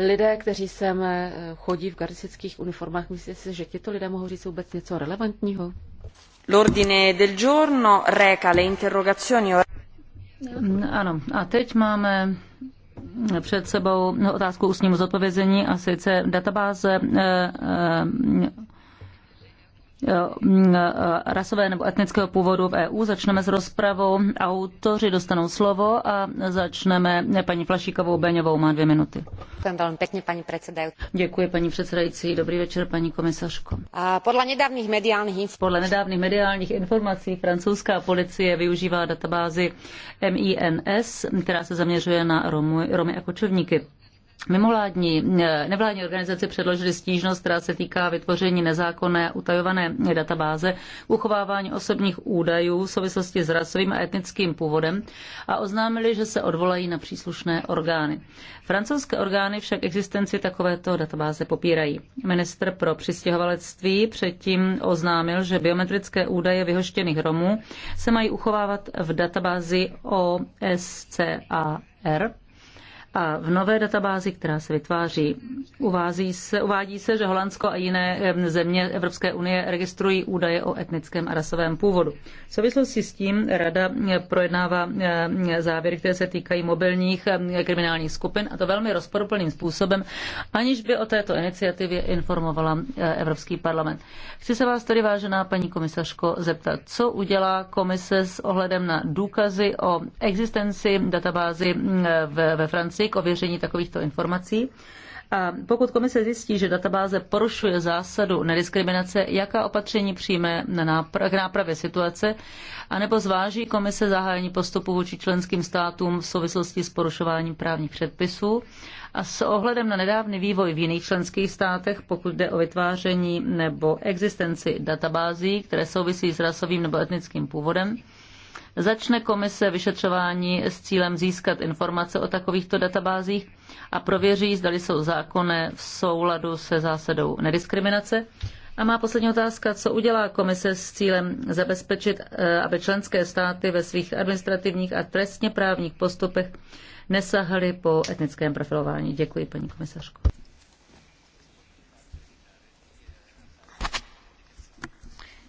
lidé, kteří sem eh, chodí v gardistických uniformách, myslíte si, že tyto lidé mohou říct vůbec něco relevantního? L'ordine del giorno reka le interrogazioni. Mm, ano, a teď máme před sebou no, otázku ústnímu zodpovězení a sice databáze eh, eh, Eh, eh, rasové nebo etnického původu v EU. Začneme s rozpravou. Autoři dostanou slovo a začneme paní Flašíkovou Beňovou. Má dvě minuty. Děkuji velmi pěkně, paní předsedající. Děkuji, paní předsedající. Dobrý večer, paní komisařko. A podle nedávných mediálních Podle nedávných mediálních informací francouzská policie využívá databázi MINS, která se zaměřuje na Romy, Romy a kočovníky. Mimoládní eh, nevládní organizace předložily stížnost, která se týká vytvoření nezákonné utajované databáze, uchovávání osobních údajů v souvislosti s rasovým a etnickým původem a oznámili, že se odvolají na příslušné orgány. Francouzské orgány však existenci takovéto databáze popírají. Minister pro přistěhovalectví předtím oznámil, že biometrické údaje vyhoštěných Romů se mají uchovávat v databázi OSCAR a v nové databázi, která se vytváří, uvází se, uvádí se, že Holandsko a jiné země Evropské unie registrují údaje o etnickém a rasovém původu. V souvislosti s tím Rada projednává závěry, které se týkají mobilních kriminálních skupin, a to velmi rozporuplným způsobem, aniž by o této iniciativě informovala e, Evropský parlament. Chci se vás tedy, vážená paní komisařko, zeptat, co udělá komise s ohledem na důkazy o existenci databázy ve Francii, komisi k ověření takovýchto informací. A pokud komise zjistí, že databáze porušuje zásadu nediskriminace, jaká opatření přijme na nápra- k nápravě situace, anebo zváží komise zahájení postupu vůči členským státům v souvislosti s porušováním právních předpisů a s ohledem na nedávný vývoj v jiných členských státech, pokud jde o vytváření nebo existenci databází, které souvisí s rasovým nebo etnickým původem, Začne komise vyšetřování s cílem získat informace o takovýchto databázích a prověří, zdali jsou zákonné v souladu se zásadou nediskriminace. A má poslední otázka, co udělá komise s cílem zabezpečit, eh, aby členské státy ve svých administrativních a trestně právních postupech nesahaly po etnickém profilování. Děkuji, paní komisařko.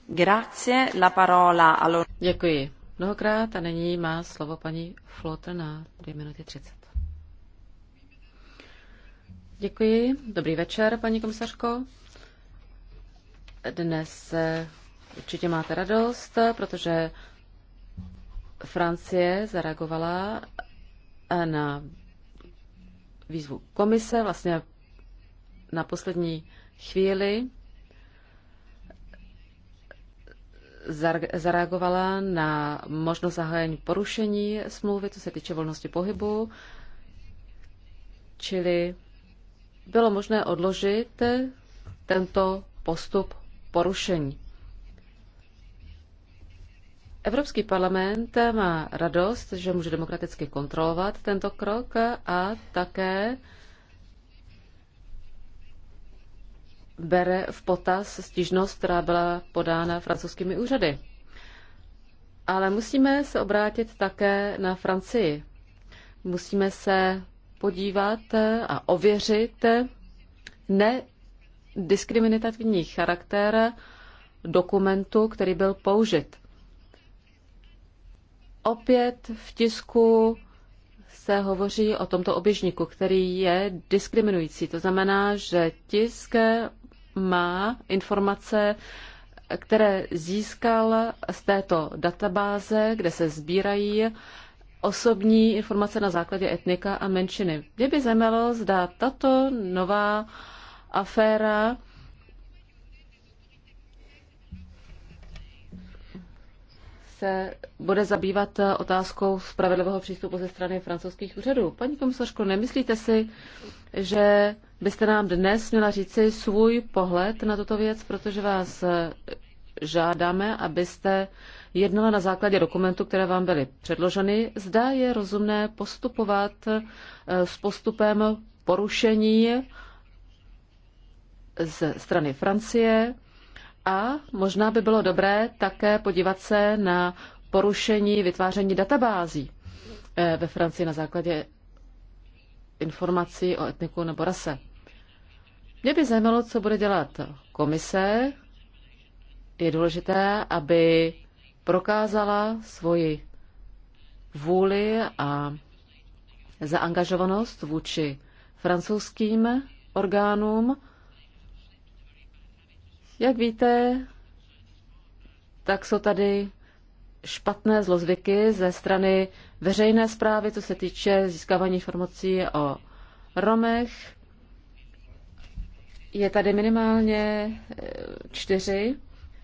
Grazie, la parola allo... Děkuji mnohokrát a nyní má slovo paní Flotr na 2 minuty 30. Děkuji. Dobrý večer, paní komisařko. Dnes eh, určitě máte radost, protože Francie zareagovala eh, na výzvu komise vlastně na poslední chvíli zareagovala na možnost zahájení porušení smlouvy, co se týče volnosti pohybu, čili bylo možné odložit tento postup porušení. Evropský parlament má radost, že může demokraticky kontrolovat tento krok a také bere v potaz stížnost, která byla podána francouzskými úřady. Ale musíme se obrátit také na Francii. Musíme se podívat a ověřit nediskriminativní charakter dokumentu, který byl použit. Opět v tisku se hovoří o tomto oběžníku, který je diskriminující. To znamená, že tisk má informace, které získal z této databáze, kde se sbírají osobní informace na základě etnika a menšiny. Mě by zajímalo, zda tato nová aféra se bude zabývat otázkou spravedlivého přístupu ze strany francouzských úřadů. Paní komisařko, nemyslíte si, že byste nám dnes měla říci svůj pohled na tuto věc, protože vás žádáme, abyste jednala na základě dokumentů, které vám byly předloženy. Zda je rozumné postupovat eh, s postupem porušení ze strany Francie a možná by bylo dobré také podívat se na porušení vytváření databází eh, ve Francii na základě informací o etniku nebo rase. Mě by zajímalo, co bude dělat komise. Je důležité, aby prokázala svoji vůli a zaangažovanost vůči francouzským orgánům, jak víte, tak jsou tady špatné zlozvyky ze strany veřejné zprávy, co se týče získávání informací o Romech. Je tady minimálně eh, čtyři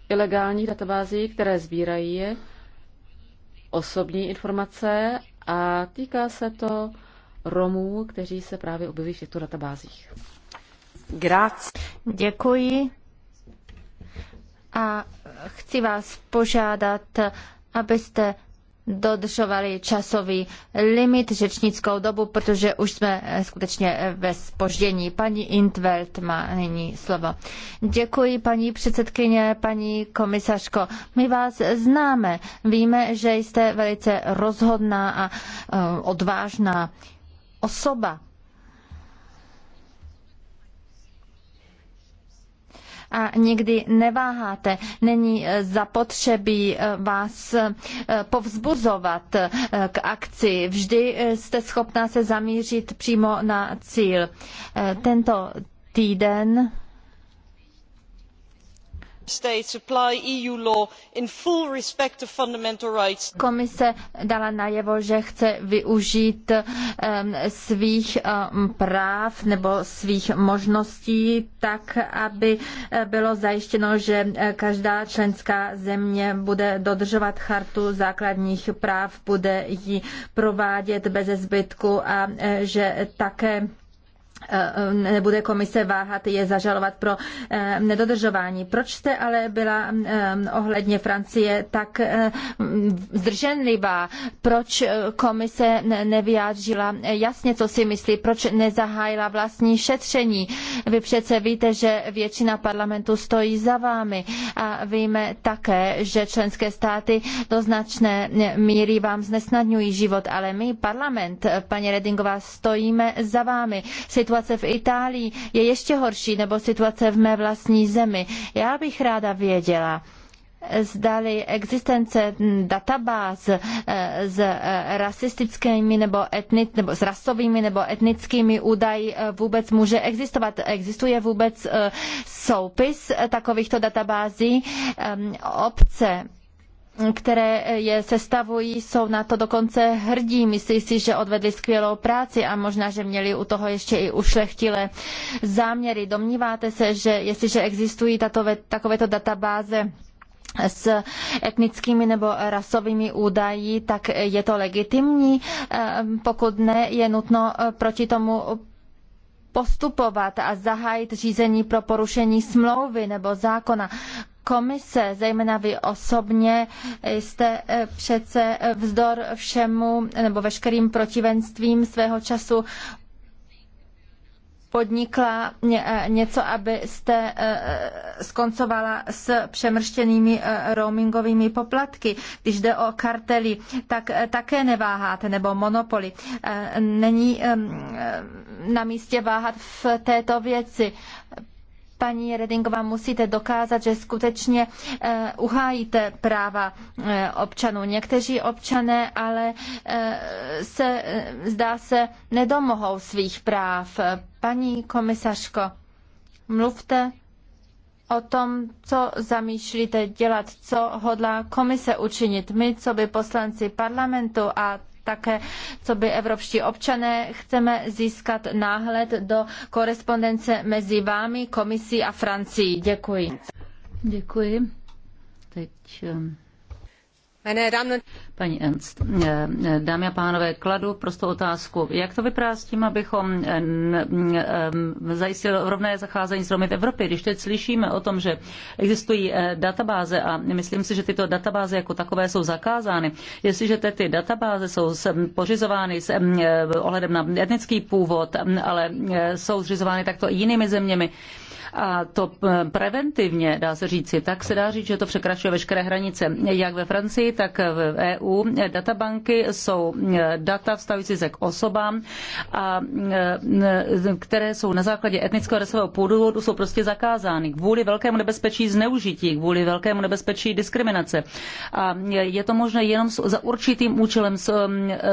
ilegální databází, které sbírají osobní informace a týká se to Romů, kteří se právě objeví v těchto databázích. Grazie. Děkuji a chci vás požádat, abyste dodržovali časový limit, řečnickou dobu, protože už jsme eh, skutečně eh, ve spoždění. Paní Intveld má nyní slovo. Děkuji, paní předsedkyně, paní komisařko. My vás známe, víme, že jste velice rozhodná a eh, odvážná osoba. a nikdy neváháte. Není eh, zapotřebí eh, vás eh, povzbuzovat k akci. Vždy jste schopná se zamířit přímo na cíl. Tento týden states apply eu law in full respect of fundamental rights. Komise dala najevo, že chce využít svých práv nebo svých možností tak, aby e, bylo zajištěno, že e, každá členská země bude dodržovat chartu základních práv, bude ji provádět bez zbytku a e, že také Eh, eh, nebude komise váhat je zažalovat pro eh, nedodržování. Proč jste ale byla ohledně Francie tak zdrženlivá? Proč komise nevyjádřila jasně, co si myslí? Proč nezahájila vlastní šetření? Vy přece víte, že většina parlamentu stojí za vámi a víme také, že členské státy do značné míry vám znesnadňují život, ale my, parlament, paní Redingová, stojíme za vámi. Situace situace v Itálii je ještě horší, nebo situace v mé vlastní zemi. Já bych ráda věděla, zdali existence databáz eh, s eh, rasistickými nebo, etnic, nebo s rasovými nebo etnickými údaji eh, vůbec může existovat. Existuje vůbec soupis takovýchto databází ehm, obce které eh, je sestavují, jsou na to dokonce hrdí. Myslí si, že odvedli skvělou práci a možná, že měli u toho ještě i ušlechtilé záměry. Domníváte se, že jestliže existují tato, takovéto databáze, s etnickými nebo rasovými údaji, tak je to legitimní. Eh, pokud ne, je nutno eh, proti tomu postupovat a zahájit řízení pro porušení smlouvy nebo zákona komise, zejména vy osobně, jste eh, přece vzdor všemu nebo veškerým protivenstvím svého času podnikla eh, něco, abyste eh, skoncovala s přemrštěnými roamingovými poplatky. Když jde o kartely, tak také neváháte, nebo monopoly. Není na místě váhat v této věci paní Redingová, musíte dokázat, že skutečně eh, uhájíte práva eh, občanů. Někteří občané ale eh, se, zdá se, nedomohou svých práv. Paní komisařko, mluvte o tom, co zamýšlíte dělat, co hodlá komise učinit. My, co by poslanci parlamentu a také, co by evropští občané, chceme získat náhled do korespondence mezi vámi, komisí a Francií. Děkuji. Děkuji. Teď um, Paní Ernst, eh, eh, dámy a pánové, kladu prostou otázku. Jak to vypadá s tím, abychom eh, zajistili rovné zacházení s Romy v Evropě? Když teď slyšíme o tom, že existují databáze a myslím si, že tyto databáze jako takové jsou zakázány. Jestliže teď ty databáze jsou pořizovány s ohledem na etnický původ, ale jsou zřizovány takto i jinými zeměmi, a to preventivně, dá se říci, tak se dá říct, že to překračuje veškeré hranice. Jak ve Francii, tak v EU databanky jsou eh, data vztahující se k osobám, a, eh, které jsou na základě etnického a rasového původu, jsou prostě zakázány kvůli velkému nebezpečí zneužití, kvůli velkému nebezpečí diskriminace. A je to možné jenom za určitým účelem,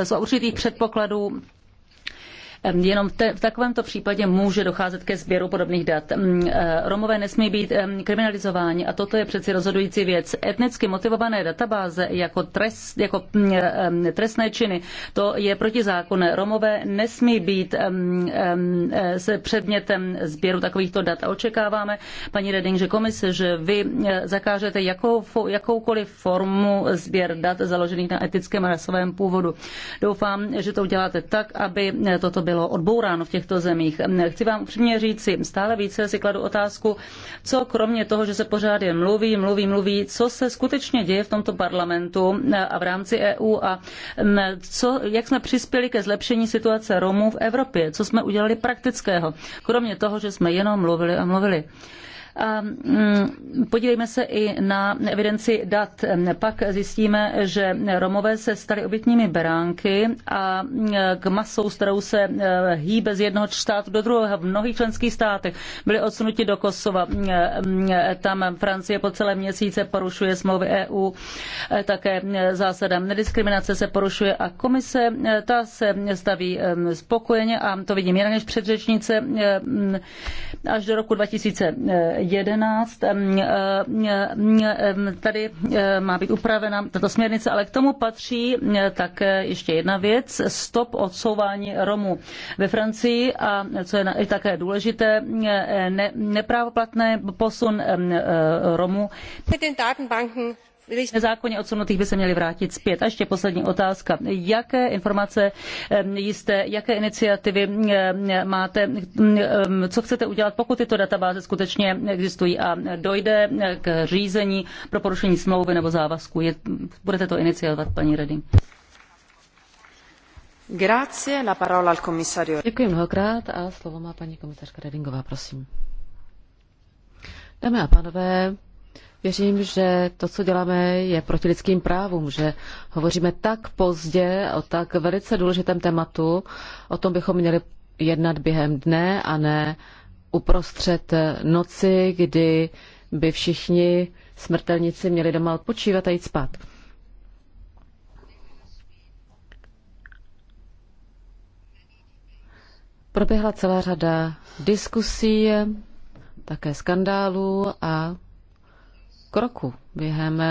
za určitých předpokladů Jenom v takovémto případě může docházet ke sběru podobných dat. Eh, Romové nesmí být kriminalizováni a toto je přeci rozhodující věc. Etnicky motivované databáze jako, trest, jako mm, trestné činy, to je protizákonné. Romové nesmí být eh, se předmětem sběru takovýchto dat. A očekáváme, paní Reding, že komise, že vy eh, zakážete jakou, jakoukoliv formu sběr dat založených na etickém a rasovém původu. Doufám, že to uděláte tak, aby toto bylo odbouráno v těchto zemích. Chci vám upřímně říci, stále více si kladu otázku, co kromě toho, že se pořád jen mluví, mluví, mluví, co se skutečně děje v tomto parlamentu a v rámci EU a co, jak jsme přispěli ke zlepšení situace Romů v Evropě, co jsme udělali praktického, kromě toho, že jsme jenom mluvili a mluvili. Um, mm, podívejme se i na evidenci dat. Pak zjistíme, že Romové se stali obětními beránky a mm, k masou, s kterou se eh, hýbe z jednoho státu do druhého v mnohých členských státech, byli odsunuti do Kosova. Mm, eh, tam Francie po celé měsíce porušuje smlouvy EU, eh, také zásada nediskriminace se porušuje a komise ta se staví ehm, spokojeně a to vidím jinak než předřečnice ehm, až do roku 2000 11. Tady má být upravena tato směrnice, ale k tomu patří tak ještě jedna věc, stop odsouvání Romů ve Francii a co je také důležité, ne, neprávoplatné posun Romů byli jsme zákonně odsunutých, by se měli vrátit zpět. A ještě poslední otázka. Jaké informace jste, jaké iniciativy máte, co chcete udělat, pokud tyto databáze skutečně existují a dojde k řízení pro porušení smlouvy nebo závazku? Je, budete to iniciovat, paní Reding? Grazie, la parola al commissario. Děkuji mnohokrát a slovo má paní komisařka Redingová, prosím. Dámy a pánové, Věřím, že to, co děláme, je proti lidským právům, že hovoříme tak pozdě o tak velice důležitém tématu, o tom bychom měli jednat během dne a ne uprostřed noci, kdy by všichni smrtelníci měli doma odpočívat a jít spát. Proběhla celá řada diskusí, také skandálů a kroku během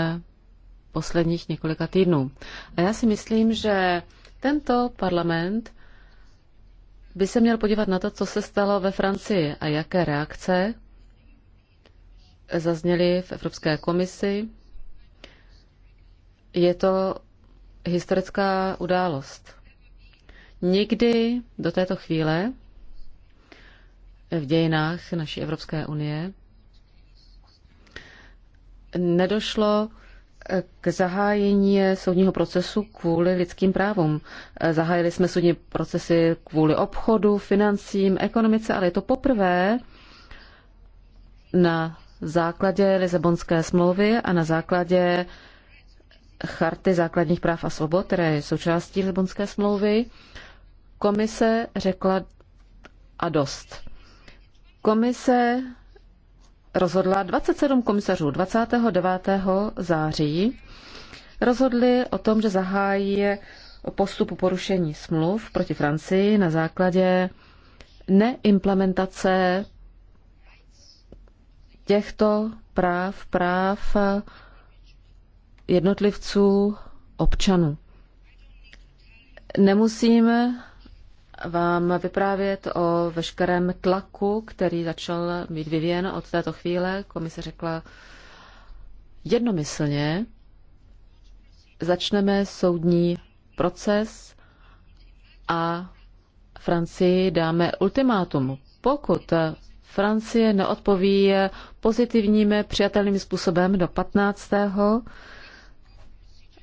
posledních několika týdnů. A já si myslím, že tento parlament by se měl podívat na to, co se stalo ve Francii a jaké reakce zazněly v Evropské komisi. Je to historická událost. Nikdy do této chvíle v dějinách naší Evropské unie nedošlo eh, k zahájení soudního procesu kvůli lidským právům. Eh, zahájili jsme soudní procesy kvůli obchodu, financím, ekonomice, ale je to poprvé na základě Lisabonské smlouvy a na základě Charty základních práv a svobod, které je součástí Lisabonské smlouvy, komise řekla a dost. Komise rozhodla 27 komisařů 29. září. Rozhodli o tom, že zahájí postupu porušení smluv proti Francii na základě neimplementace těchto práv, práv jednotlivců, občanů. Nemusíme vám vyprávět o veškerém tlaku, který začal být vyvíjen od této chvíle. Komise řekla jednomyslně, začneme soudní proces a Francii dáme ultimátum. Pokud Francie neodpoví pozitivním přijatelným způsobem do 15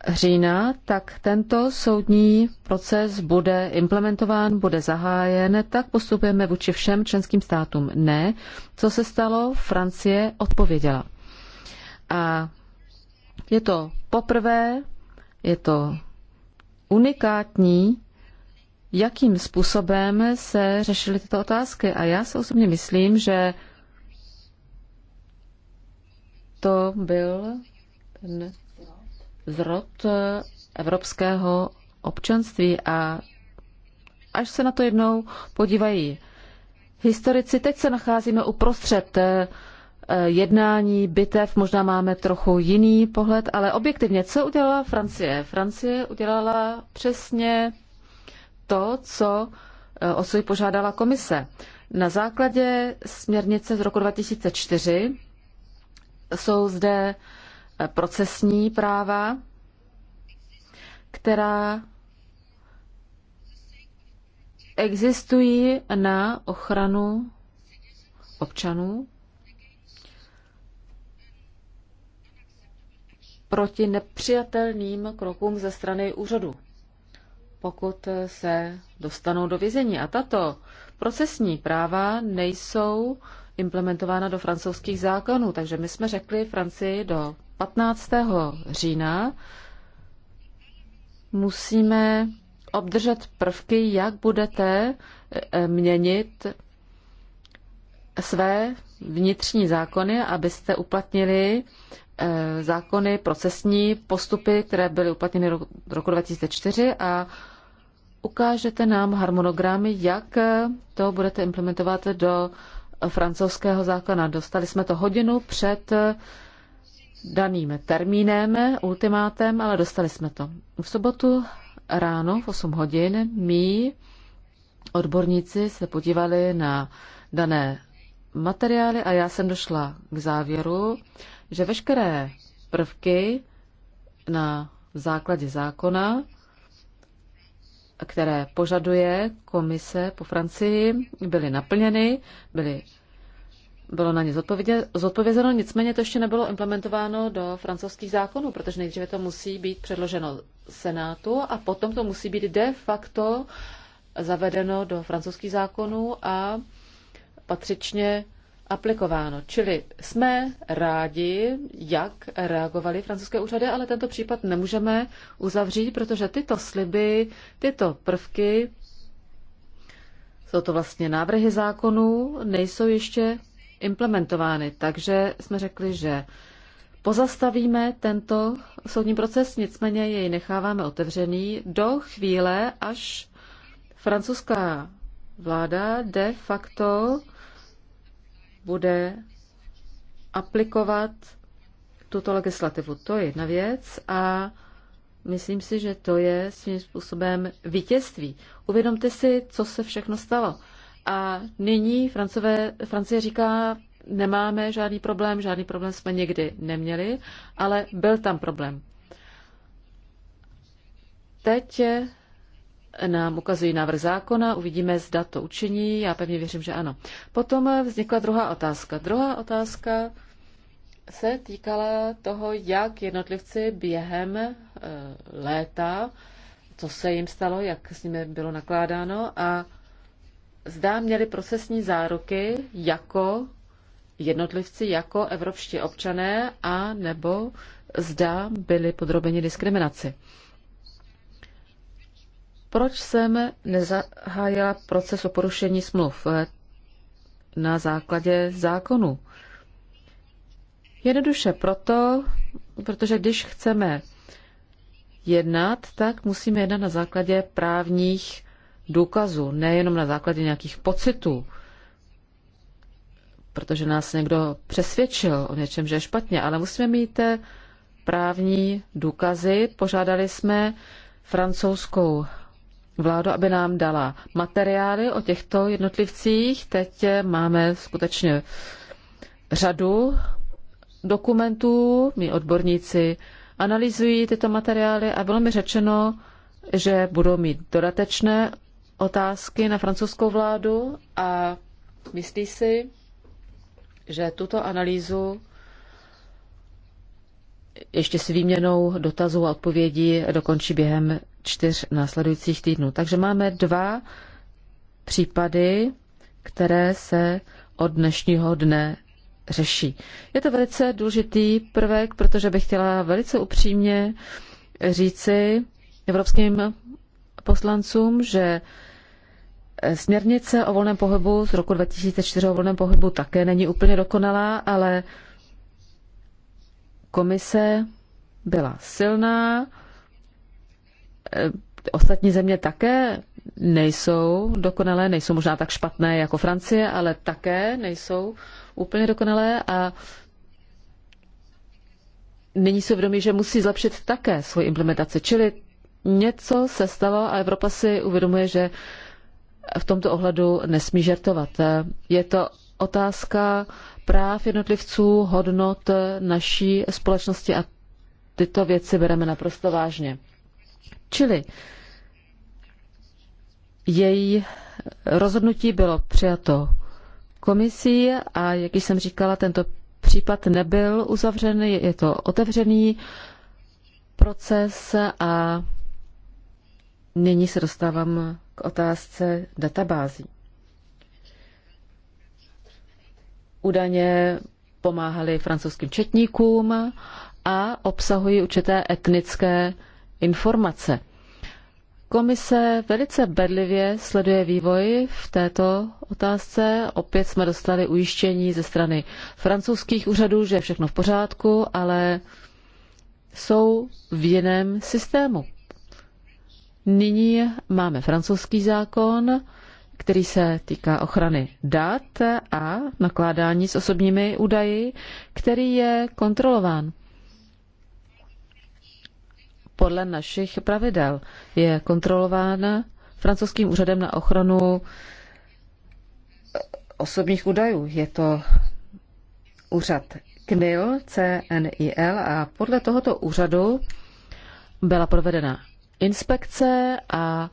října, tak tento soudní proces bude implementován, bude zahájen, tak postupujeme vůči všem členským státům. Ne, co se stalo, Francie odpověděla. A je to poprvé, je to unikátní, jakým způsobem se řešily tyto otázky. A já se osobně myslím, že to byl ten zrod eh, evropského občanství a až se na to jednou podívají historici, teď se nacházíme uprostřed eh, eh, jednání, bitev, možná máme trochu jiný pohled, ale objektivně, co udělala Francie? Francie udělala přesně to, co o co požádala komise. Na základě směrnice z roku 2004 jsou zde procesní práva, která existují na ochranu občanů proti nepřijatelným krokům ze strany úřadu, pokud se dostanou do vězení. A tato procesní práva nejsou implementována do francouzských zákonů, takže my jsme řekli Francii do 15. října musíme obdržet prvky, jak budete eh, měnit své vnitřní zákony, abyste uplatnili eh, zákony, procesní postupy, které byly uplatněny roku 2004 a ukážete nám harmonogramy, jak eh, to budete implementovat do francouzského zákona. Dostali jsme to hodinu před daným termínem, ultimátem, ale dostali jsme to. V sobotu ráno v 8 hodin my odborníci se podívali na dané materiály a já jsem došla k závěru, že veškeré prvky na základě zákona, které požaduje komise po Francii, byly naplněny, byly bylo na ně zodpovězeno, nicméně to ještě nebylo implementováno do francouzských zákonů, protože nejdříve to musí být předloženo Senátu a potom to musí být de facto zavedeno do francouzských zákonů a patřičně aplikováno. Čili jsme rádi, jak reagovaly francouzské úřady, ale tento případ nemůžeme uzavřít, protože tyto sliby, tyto prvky, jsou to vlastně návrhy zákonů, nejsou ještě implementovány. Takže jsme řekli, že pozastavíme tento soudní proces, nicméně jej necháváme otevřený do chvíle, až francouzská vláda de facto bude aplikovat tuto legislativu. To je jedna věc a myslím si, že to je svým způsobem vítězství. Uvědomte si, co se všechno stalo. A nyní Francové, Francie říká, nemáme žádný problém, žádný problém jsme nikdy neměli, ale byl tam problém. Teď nám ukazují návrh zákona, uvidíme, zda to učiní, já pevně věřím, že ano. Potom vznikla druhá otázka. Druhá otázka se týkala toho, jak jednotlivci během eh, léta, co se jim stalo, jak s nimi bylo nakládáno a zdá měli procesní záruky jako jednotlivci, jako evropští občané, a nebo zda byli podrobeni diskriminaci. Proč jsem nezahájila proces o porušení smluv na základě zákonu? Jednoduše proto, protože když chceme jednat, tak musíme jednat na základě právních důkazu, nejenom na základě nějakých pocitů, protože nás někdo přesvědčil o něčem, že je špatně, ale musíme mít eh, právní důkazy. Požádali jsme francouzskou vládu, aby nám dala materiály o těchto jednotlivcích. Teď eh, máme skutečně řadu dokumentů, my odborníci analyzují tyto materiály a bylo mi řečeno, že budou mít dodatečné otázky na francouzskou vládu a myslí si, že tuto analýzu ještě s výměnou dotazů a odpovědí dokončí během čtyř následujících týdnů. Takže máme dva případy, které se od dnešního dne řeší. Je to velice důležitý prvek, protože bych chtěla velice upřímně říci evropským poslancům, že Směrnice o volném pohybu z roku 2004 o volném pohybu také není úplně dokonalá, ale komise byla silná. E, ostatní země také nejsou dokonalé, nejsou možná tak špatné jako Francie, ale také nejsou úplně dokonalé a není se vědomí, že musí zlepšit také svoji implementaci. Čili něco se stalo a Evropa si uvědomuje, že v tomto ohledu nesmí žertovat. Je to otázka práv jednotlivců, hodnot naší společnosti a tyto věci bereme naprosto vážně. Čili její rozhodnutí bylo přijato komisí a, jak jsem říkala, tento případ nebyl uzavřen, je to otevřený proces a Nyní se dostávám k otázce databází. Údajně pomáhali francouzským četníkům a obsahují určité etnické informace. Komise velice bedlivě sleduje vývoj v této otázce. Opět jsme dostali ujištění ze strany francouzských úřadů, že je všechno v pořádku, ale jsou v jiném systému. Nyní máme francouzský zákon, který se týká ochrany dat a nakládání s osobními údaji, který je kontrolován podle našich pravidel. Je kontrolován francouzským úřadem na ochranu osobních údajů. Je to úřad CNIL, CNIL a podle tohoto úřadu byla provedena inspekce a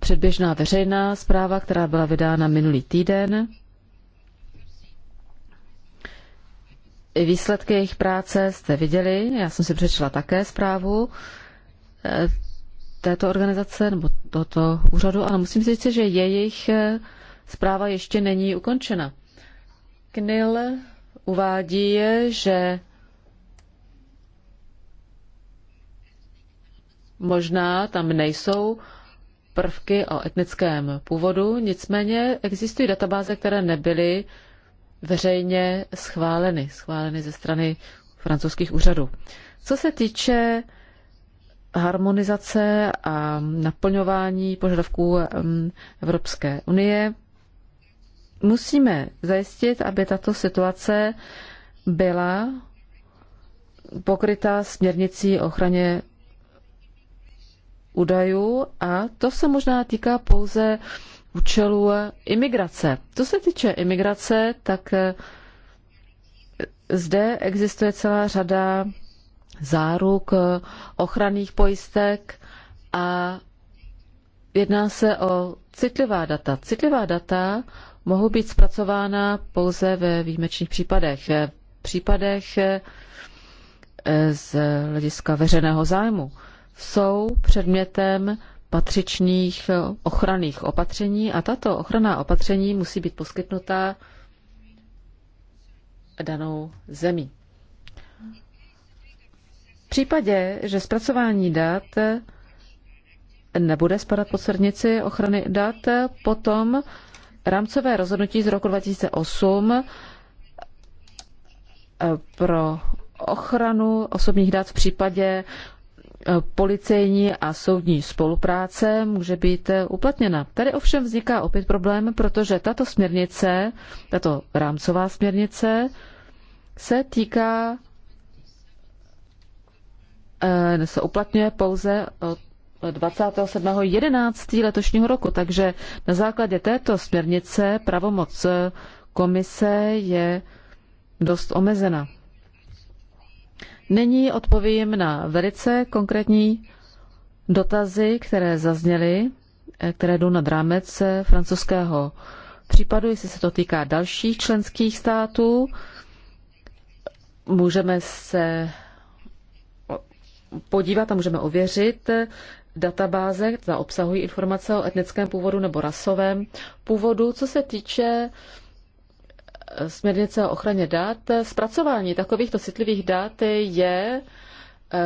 předběžná veřejná zpráva, která byla vydána minulý týden. Výsledky jejich práce jste viděli, já jsem si přečetla také zprávu eh, této organizace nebo tohoto úřadu, ale musím říct, že jejich eh, zpráva ještě není ukončena. KNIL uvádí, že Možná tam nejsou prvky o etnickém původu, nicméně existují databáze, které nebyly veřejně schváleny, schváleny ze strany francouzských úřadů. Co se týče harmonizace a naplňování požadavků Evropské unie, musíme zajistit, aby tato situace byla pokryta směrnicí o ochraně údajů a to se možná týká pouze účelů imigrace. Co se týče imigrace, tak eh, zde existuje celá řada záruk, eh, ochranných pojistek a jedná se o citlivá data. Citlivá data mohou být zpracována pouze ve výjimečných případech. V případech eh, z hlediska veřejného zájmu jsou předmětem patřičných ochranných opatření a tato ochranná opatření musí být poskytnuta danou zemí. V případě, že zpracování dat nebude spadat pod srdnici ochrany dat, potom rámcové rozhodnutí z roku 2008 eh, pro ochranu osobních dat v případě policejní a soudní spolupráce může být eh, uplatněna. Tady ovšem vzniká opět problém, protože tato směrnice, tato rámcová směrnice, se týká, eh, se uplatňuje pouze od 27.11. letošního roku. Takže na základě této směrnice pravomoc eh, komise je dost omezena. Nyní odpovím na velice konkrétní dotazy, které zazněly, eh, které jdou nad rámec eh, francouzského případu, jestli se to týká dalších členských států. Můžeme se podívat a můžeme ověřit eh, databáze, která obsahují informace o etnickém původu nebo rasovém původu. Co se týče směrnice o ochraně dat, zpracování takovýchto citlivých dat je eh,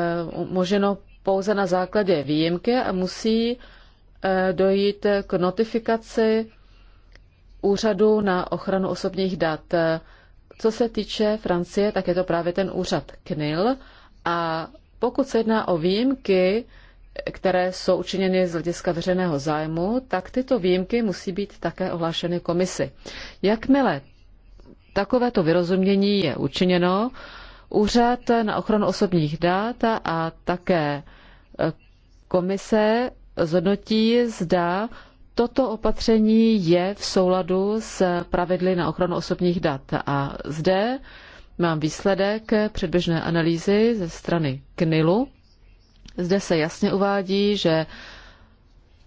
moženo pouze na základě výjimky a musí eh, dojít k notifikaci úřadu na ochranu osobních dat. Co se týče Francie, tak je to právě ten úřad KNIL a pokud se jedná o výjimky, které jsou učiněny z hlediska veřejného zájmu, tak tyto výjimky musí být také ohlášeny komisi. Jakmile takovéto vyrozumění je učiněno. Úřad na ochranu osobních dat a také e, komise zhodnotí, zda toto opatření je v souladu s pravidly na ochranu osobních dat. A zde mám výsledek předběžné analýzy ze strany KNILu. Zde se jasně uvádí, že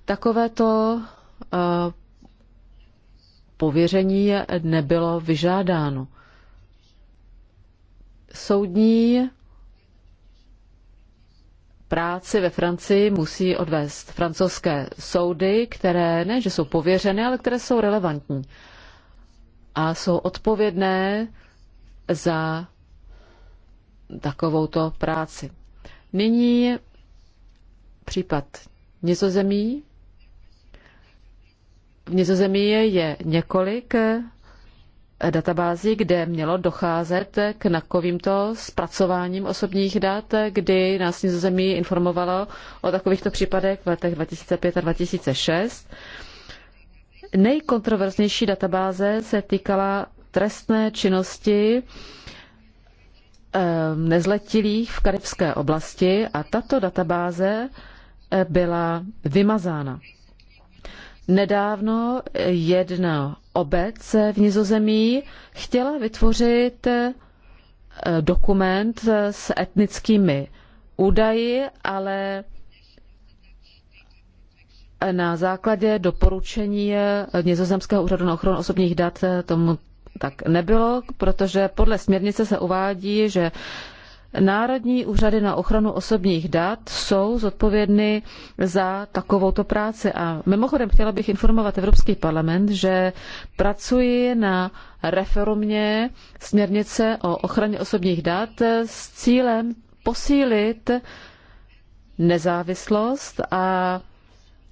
takovéto e, pověření nebylo vyžádáno. Soudní práci ve Francii musí odvést francouzské soudy, které ne, že jsou pověřené, ale které jsou relevantní a jsou odpovědné za takovouto práci. Nyní případ Nizozemí. V Nizozemí je několik eh, databází, kde mělo docházet k nakovýmto zpracováním osobních dat, kdy nás Nizozemí informovalo o takovýchto případech v letech 2005 a 2006. Nejkontroverznější databáze se týkala trestné činnosti ehm, nezletilých v karibské oblasti a tato databáze eh, byla vymazána. Nedávno jedna obec v Nizozemí chtěla vytvořit eh, dokument s etnickými údaji, ale eh, na základě doporučení eh, Nizozemského úřadu na ochranu osobních dat tomu tak nebylo, protože podle směrnice se uvádí, že Národní úřady na ochranu osobních dat jsou zodpovědny za takovouto práci. A mimochodem chtěla bych informovat Evropský parlament, že pracuji na reformě směrnice o ochraně osobních dat s cílem posílit nezávislost a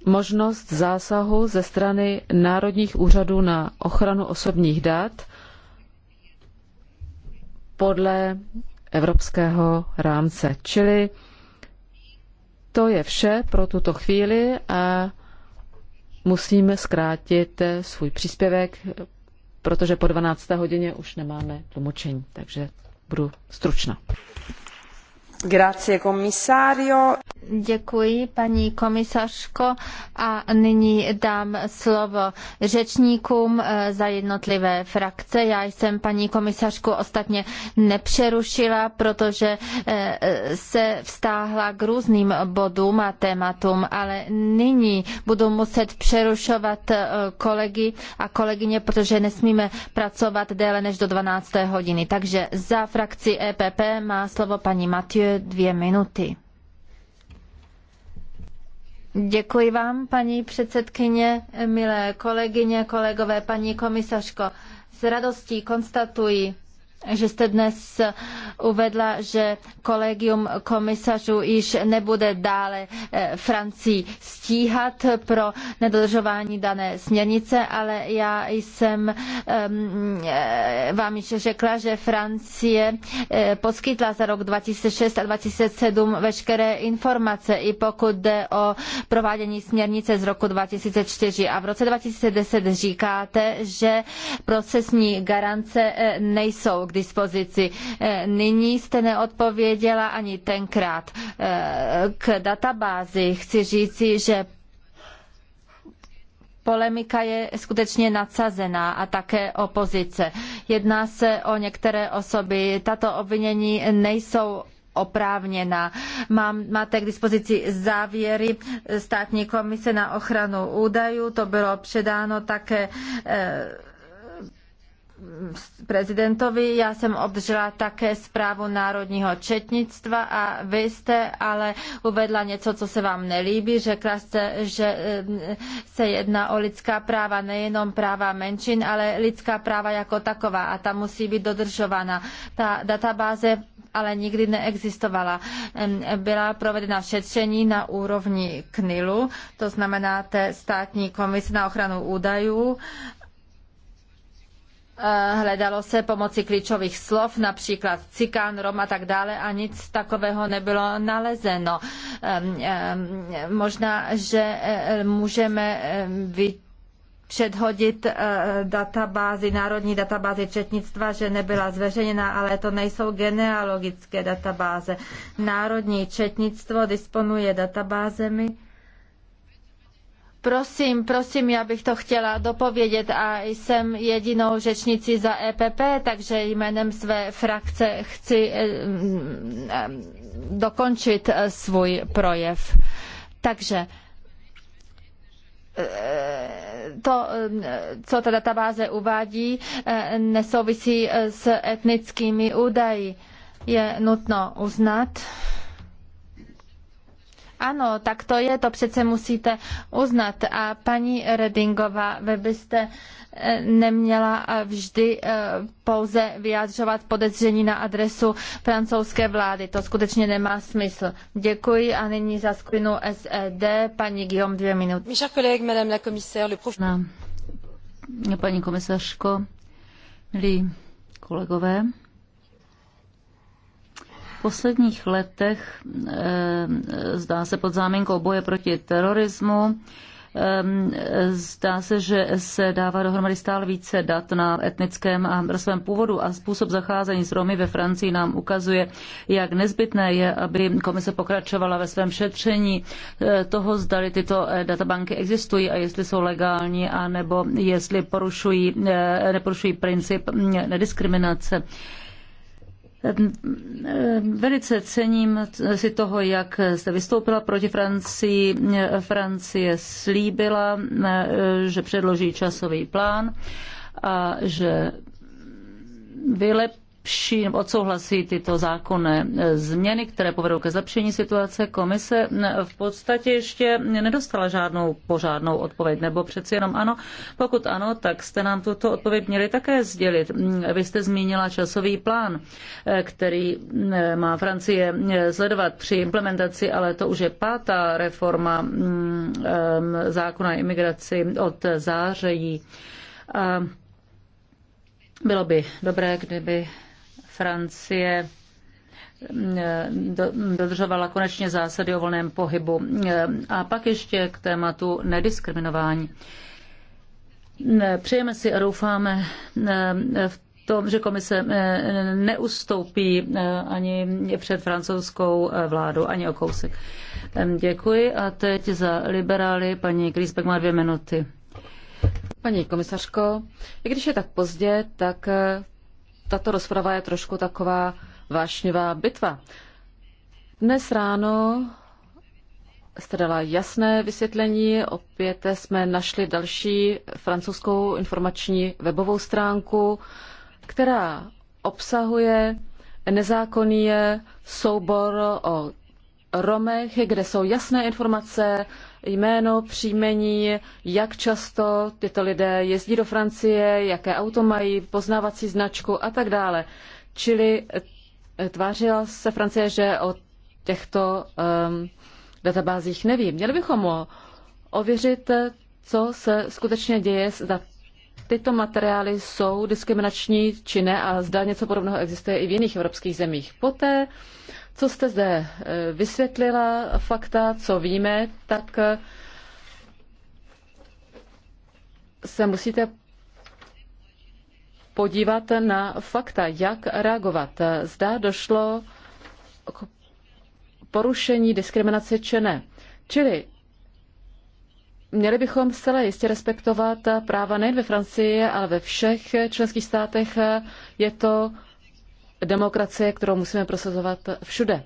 možnost zásahu ze strany národních úřadů na ochranu osobních dat podle evropského rámce. Čili to je vše pro tuto chvíli a musíme zkrátit svůj příspěvek, protože po 12. hodině už nemáme tlumočení, takže budu stručná. Grazie, Děkuji, paní komisařko. A nyní dám slovo řečníkům eh, za jednotlivé frakce. Já jsem paní komisařku ostatně nepřerušila, protože eh, se vztáhla k různým bodům a tématům, ale nyní budu muset přerušovat eh, kolegy a kolegyně, protože nesmíme pracovat déle než do 12. hodiny. Takže za frakci EPP má slovo paní Matěj dvě minuty. Děkuji vám, paní předsedkyně, milé kolegyně, kolegové, paní komisařko. S radostí konstatuji, že jste dnes uvedla, že kolegium komisařů již nebude dále eh, Francii stíhat pro nedodržování dané směrnice, ale já jsem ehm, eh, vám již řekla, že Francie eh, poskytla za rok 2006 a 2007 veškeré informace, i pokud jde o provádění směrnice z roku 2004. A v roce 2010 říkáte, že procesní garance nejsou k dispozici. E, nyní jste neodpověděla ani tenkrát. E, k databázi chci říci, že polemika je skutečně nadsazená a také opozice. Jedná se o některé osoby. Tato obvinění nejsou oprávněná. Mám, máte k dispozici závěry státní komise na ochranu údajů, to bylo předáno také eh, prezidentovi. Já jsem obdržela také zprávu Národního četnictva a vy jste ale uvedla něco, co se vám nelíbí. Řekla jste, že eh, se jedná o lidská práva, nejenom práva menšin, ale lidská práva jako taková a ta musí být dodržována. Ta databáze ale nikdy neexistovala. Byla provedena šetření na úrovni KNILu, to znamená té státní komise na ochranu údajů Eh, hledalo se pomocí klíčových slov, například cikán, rom a tak dále a nic takového nebylo nalezeno. Možná, že eh, můžeme předhodit eh, databázi, národní databázi četnictva, že nebyla zveřejněna, ale to nejsou genealogické databáze. Národní četnictvo disponuje databázemi, Prosím, prosím, já bych to chtěla dopovědět a jsem jedinou řečnicí za EPP, takže jménem své frakce chci eh, mm, eh, dokončit eh, svůj projev. Takže to, co ta databáze uvádí, nesouvisí s etnickými údaji. Je nutno uznat, ano, tak to je, to přece musíte uznat. A paní Redingová, vy byste eh, neměla eh, vždy eh, pouze vyjadřovat podezření na adresu francouzské vlády. To skutečně nemá smysl. Děkuji a nyní za skupinu SED paní Guillaume dvě minuty. Paní komisařko, milí kolegové, v posledních letech, eh, zdá se pod záminkou boje proti terorismu, eh, Zdá se, že se dává dohromady stále více dat na etnickém a rasovém původu a způsob zacházení s Romy ve Francii nám ukazuje, jak nezbytné je, aby komise pokračovala ve svém šetření eh, toho, zdali tyto databanky existují a jestli jsou legální, a nebo jestli porušují, neporušují princip mm, nediskriminace. Velice cením si toho, jak jste vystoupila proti Francii. Francie slíbila, že předloží časový plán a že vylepší zlepší nebo odsouhlasí tyto zákonné e, změny, které povedou ke zlepšení situace, komise v podstatě ještě nedostala žádnou pořádnou odpověď, nebo přeci jenom ano. Pokud ano, tak jste nám tuto odpověď měli také sdělit. Vy jste zmínila časový plán, e, který má Francie sledovat při implementaci, ale to už je pátá reforma zákona imigraci od září. Bylo by dobré, kdyby Francie mm, dodržovala konečně zásady o volném pohybu. Mm, a pak ještě k tématu nediskriminování. Mm, přejeme si a doufáme v tom, že komise neustoupí ani před francouzskou vládou, ani o kousek. Děkuji a teď za liberály paní Krispek má dvě minuty. Paní komisařko, i když je tak pozdě, tak tato rozprava je trošku taková vášnivá bitva. Dnes ráno jste dala jasné vysvětlení, opět jsme našli další francouzskou informační webovou stránku, která obsahuje nezákonný soubor o Romech, kde jsou jasné informace jméno, příjmení, jak často tyto lidé jezdí do Francie, jaké auto mají, poznávací značku a tak dále. Čili eh, tvářila se Francie, že o těchto um, databázích neví. Měli bychom ověřit, eh, co se skutečně děje, zda tyto materiály jsou diskriminační či ne a zda něco podobného existuje i v jiných evropských zemích. Poté co jste zde eh, vysvětlila, fakta, co víme, tak eh, se musíte podívat na fakta, jak reagovat. Zda došlo k porušení diskriminace či ne. Čili měli bychom zcela jistě respektovat práva nejen ve Francii, ale ve všech členských státech. Je to demokracie, kterou musíme prosazovat všude.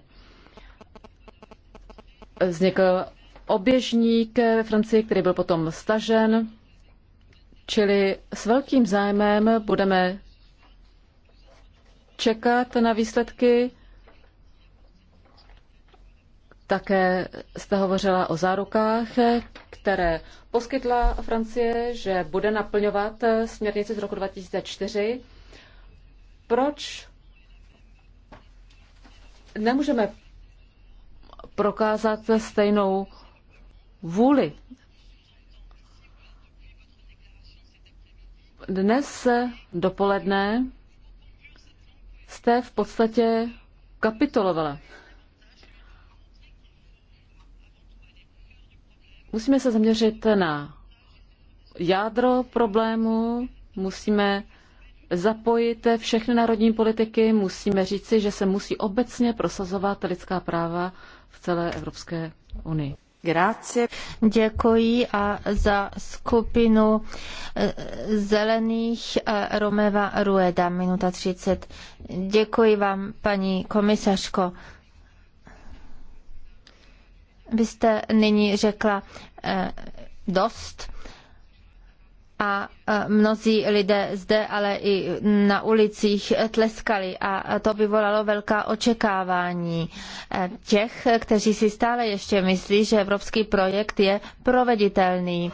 Vznikl oběžník ve Francii, který byl potom stažen, čili s velkým zájmem budeme čekat na výsledky. Také jste hovořila o zárukách, které poskytla Francie, že bude naplňovat směrnici z roku 2004. Proč nemůžeme prokázat stejnou vůli. Dnes dopoledne jste v podstatě kapitolovala. Musíme se zaměřit na jádro problému, musíme zapojit všechny národní politiky, musíme říci, že se musí obecně prosazovat lidská práva v celé Evropské unii. Grazie. Děkuji a za skupinu eh, zelených eh, Romeva Rueda, minuta 30. Děkuji vám, paní komisařko. Vy jste nyní řekla eh, dost a e, mnozí lidé zde, ale i na ulicích tleskali a to vyvolalo velká očekávání e, těch, kteří si stále ještě myslí, že evropský projekt je proveditelný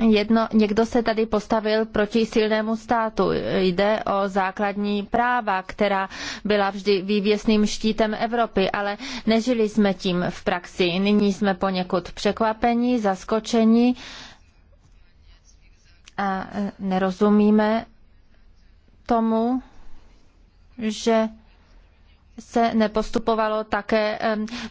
Jedno, někdo se tady postavil proti silnému státu. Jde o základní práva, která byla vždy vývěsným štítem Evropy, ale nežili jsme tím v praxi. Nyní jsme poněkud překvapení, zaskočeni a nerozumíme tomu, že se nepostupovalo také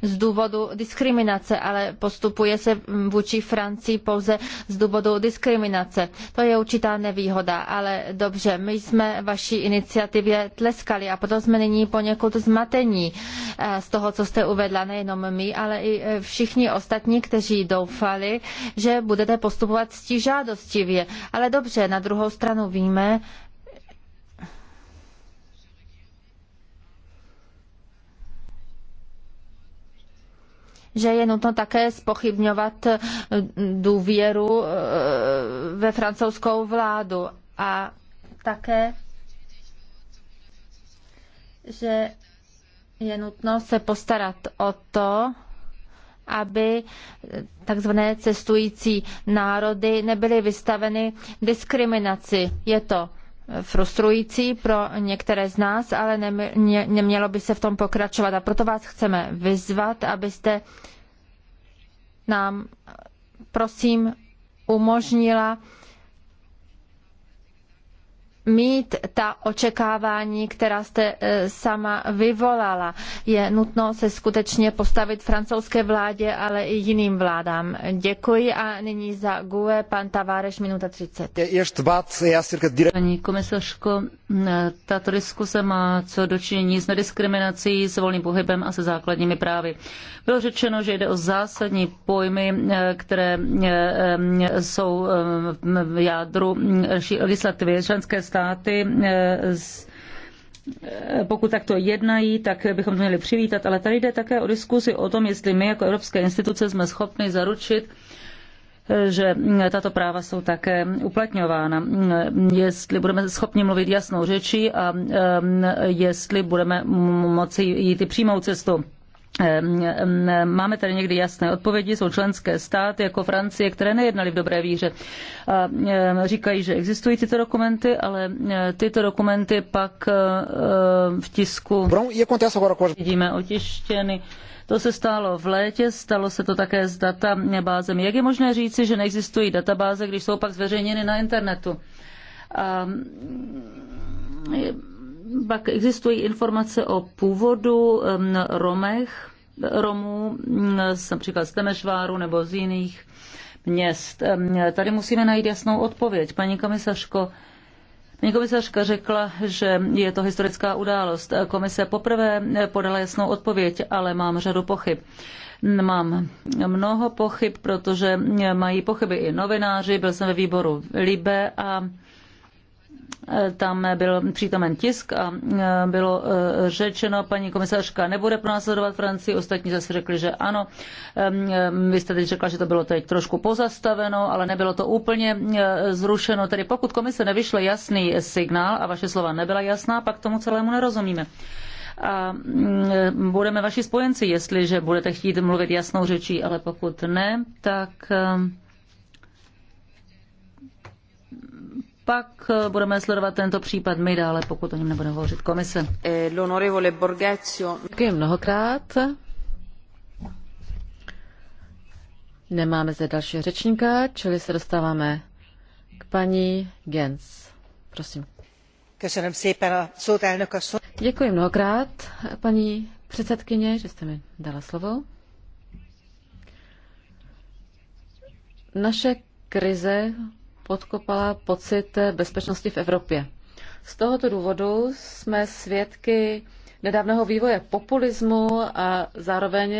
z důvodu diskriminace, ale postupuje se vůči Francii pouze z důvodu diskriminace. To je určitá nevýhoda, ale dobře, my jsme vaší iniciativě tleskali a proto jsme nyní poněkud zmatení eh, z toho, co jste uvedla, nejenom my, ale i eh, všichni ostatní, kteří doufali, že budete postupovat stížádostivě. Ale dobře, na druhou stranu víme, že je nutno také spochybňovat eh, důvěru eh, ve francouzskou vládu a také, že je nutno se postarat o to, aby takzvané cestující národy nebyly vystaveny diskriminaci. Je to frustrující pro některé z nás, ale nemělo by se v tom pokračovat. A proto vás chceme vyzvat, abyste nám prosím umožnila mít ta očekávání, která jste e, sama vyvolala. Je nutno se skutečně postavit francouzské vládě, ale i jiným vládám. Děkuji a nyní za GUE pan Taváreš, minuta 30. Paní komisařko, tato diskuse má co dočinění s nediskriminací, s volným pohybem a se základními právy. Bylo řečeno, že jde o zásadní pojmy, e, které e, jsou v jádru legislativy členské státy státy eh, z eh, pokud takto jednají, tak bychom to měli přivítat, ale tady jde také o diskusi o tom, jestli my jako evropské instituce jsme schopni zaručit, eh, že mm, tato práva jsou také uplatňována. Mm, jestli budeme schopni mluvit jasnou řečí a mm, jestli budeme moci jít i přímou cestou. Ehm, ehm, máme tady někdy jasné odpovědi, jsou členské státy jako Francie, které nejednaly v dobré víře. Ehm, říkají, že existují tyto dokumenty, ale e, tyto dokumenty pak e, e, v tisku vidíme otištěny. To se stalo v létě, stalo se to také s databázemi. Jak je možné říci, že neexistují databáze, když jsou pak zveřejněny na internetu? pak existují informace o původu Romech, Romů, například z Temešváru nebo z jiných měst. Tady musíme najít jasnou odpověď. Paní komisařko, Paní komisařka řekla, že je to historická událost. Komise poprvé podala jasnou odpověď, ale mám řadu pochyb. Mám mnoho pochyb, protože mají pochyby i novináři. Byl jsem ve výboru Libe a tam byl přítomen tisk a e, bylo e, řečeno, paní komisařka nebude pronásledovat Francii, ostatní zase řekli, že ano. Vy jste teď řekla, že to bylo teď trošku pozastaveno, ale nebylo to úplně e, zrušeno. Tedy pokud komise nevyšle jasný signál a vaše slova nebyla jasná, pak tomu celému nerozumíme a mm, budeme vaši spojenci, jestliže budete chtít mluvit jasnou řečí, ale pokud ne, tak pak eh, budeme sledovat tento případ my dále, pokud o něm nebude hovořit komise. Eh, l'onorevole Borgezio. Děkuji mnohokrát. Nemáme zde dalšího řečníka, čili se dostáváme k paní Gens. Prosím. Děkuji mnohokrát, paní předsedkyně, že jste mi dala slovo. Naše krize podkopala pocit bezpečnosti v Evropě. Z tohoto důvodu jsme svědky nedávného vývoje populismu a zároveň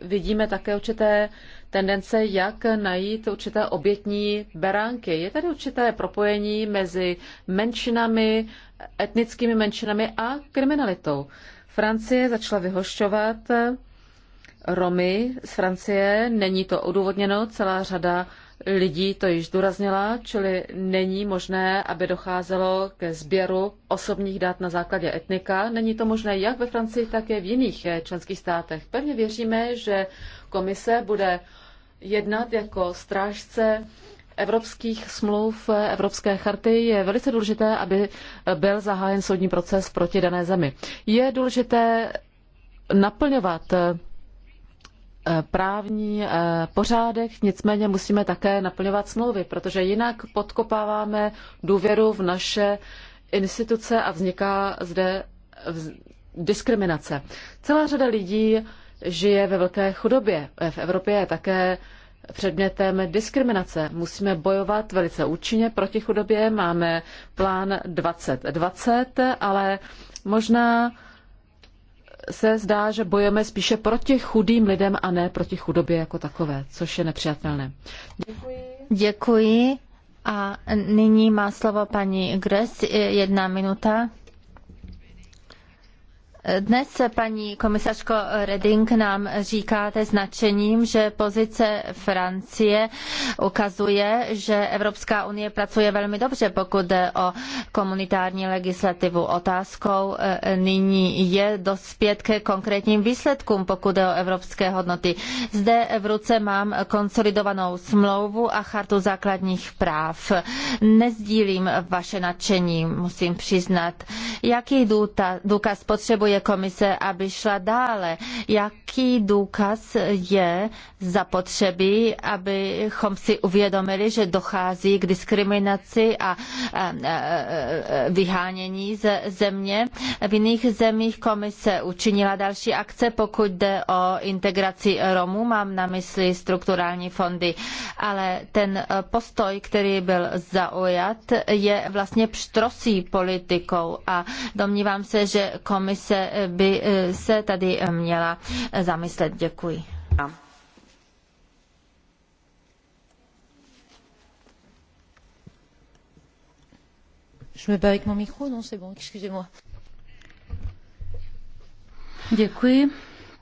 vidíme také určité tendence, jak najít určité obětní beránky. Je tady určité propojení mezi menšinami, etnickými menšinami a kriminalitou. Francie začala vyhošťovat Romy z Francie, není to odůvodněno, celá řada lidí to již důraznila, čili není možné, aby docházelo ke sběru osobních dat na základě etnika. Není to možné jak ve Francii, tak i v jiných eh, členských státech. Pevně věříme, že komise bude jednat jako strážce evropských smluv, eh, Evropské charty je velice důležité, aby byl zahájen soudní proces proti dané zemi. Je důležité naplňovat eh, Eh, právní eh, pořádek, nicméně musíme také naplňovat smlouvy, protože jinak podkopáváme důvěru v naše instituce a vzniká zde diskriminace. Celá řada lidí žije ve velké chudobě. V Evropě je také předmětem diskriminace. Musíme bojovat velice účinně proti chudobě. Máme plán 2020, ale možná se zdá, že bojujeme spíše proti chudým lidem a ne proti chudobě jako takové, což je nepřijatelné. Děkuji. Děkuji. A nyní má slovo paní Gres, jedna minuta. Dnes paní komisařko Reding nám říkáte značením, že pozice Francie ukazuje, že Evropská unie pracuje velmi dobře, pokud jde o komunitární legislativu. Otázkou e, nyní je dospět ke konkrétním výsledkům, pokud jde o evropské hodnoty. Zde v ruce mám konsolidovanou smlouvu a chartu základních práv. Nezdílím vaše nadšení, musím přiznat. Jaký důkaz potřebuje navrhuje komise, aby šla dále. Jaký důkaz je zapotřebí, abychom si uvědomili, že dochází k diskriminaci a vyhánění ze země? V jiných zemích komise učinila další akce, pokud jde o integraci Romů, mám na mysli strukturální fondy, ale ten postoj, který byl zaujat, je vlastně pštrosí politikou a domnívám se, že komise by eh, se tady eh, měla eh, zamyslet. Děkuji. Děkuji.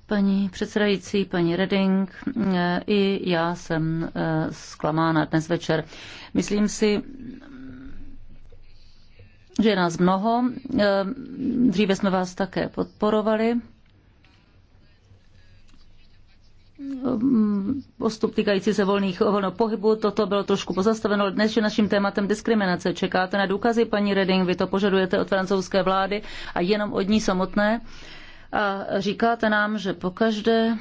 Paní předsedající, paní Reding, i já jsem zklamána dnes večer. Myslím si, že je nás mnoho. Eh, dříve jsme vás také podporovali. Eh, postup týkající se volných volného pohybu, toto bylo trošku pozastaveno, ale dnes je naším tématem diskriminace. Čekáte na důkazy, paní Reding, vy to požadujete od francouzské vlády a jenom od ní samotné. A říkáte nám, že pokaždé,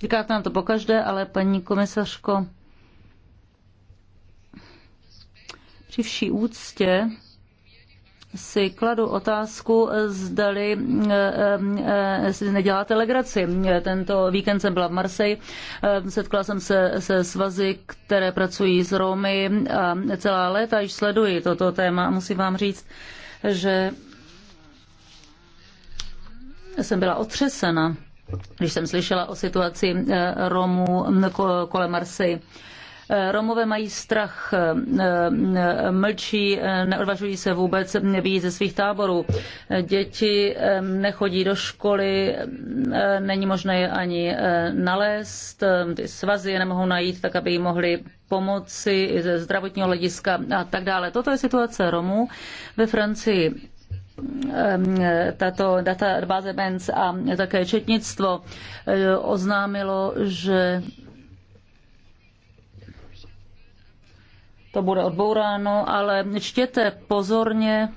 říkáte nám to pokaždé, ale paní komisařko, při vší úctě si kladu otázku, zdali eh, eh, eh, si neděláte legraci. Tento víkend jsem byla v Marseille, setkala jsem se se svazy, které pracují s Romy a celá léta již sleduji toto téma a musím vám říct, že jsem byla otřesena, když jsem slyšela o situaci Romů kolem Marseille Romové mají strach, eh, eh, mlčí, eh, neodvažují se vůbec vyjít ze svých táborů. Děti nechodí do školy, není možné je ani nalézt, ty svazy je nemohou najít, tak aby jim mohli pomoci ze zdravotního hlediska a tak dále. Toto je situace Romů ve Francii tato databáze Benz a také četnictvo oznámilo, že to bude odbouráno, ale čtěte pozorně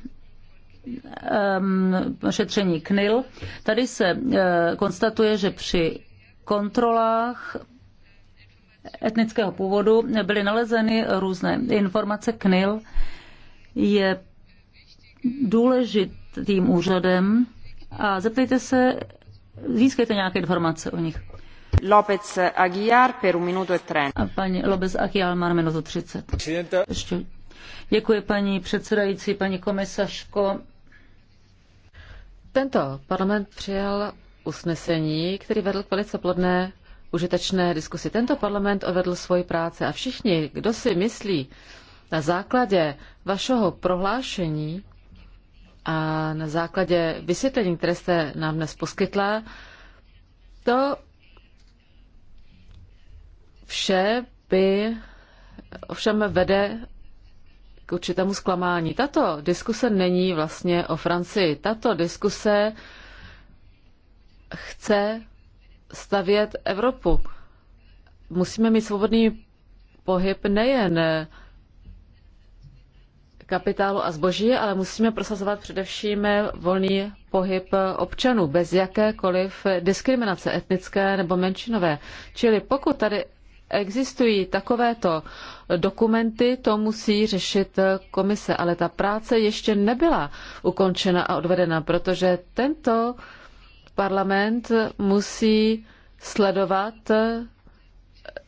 šetření KNIL. Tady se eh, konstatuje, že při kontrolách etnického původu byly nalezeny různé informace. KNIL je důležitým úřadem a zeptejte se, získejte nějaké informace o nich. López Aguiar per un minuto e tre. A paní López Aguiar má minutu 30. Ještě. Děkuji paní předsedající, paní komisařko. Tento parlament přijal usnesení, který vedl k velice plodné užitečné diskusi. Tento parlament odvedl svoji práci a všichni, kdo si myslí na základě vašeho prohlášení a na základě vysvětlení, které jste nám dnes poskytla, to vše by ovšem vede k určitému zklamání. Tato diskuse není vlastně o Francii. Tato diskuse chce stavět Evropu. Musíme mít svobodný pohyb nejen kapitálu a zboží, ale musíme prosazovat především volný pohyb občanů bez jakékoliv diskriminace etnické nebo menšinové. Čili pokud tady existují takovéto dokumenty, to musí řešit komise, ale ta práce ještě nebyla ukončena a odvedena, protože tento parlament musí sledovat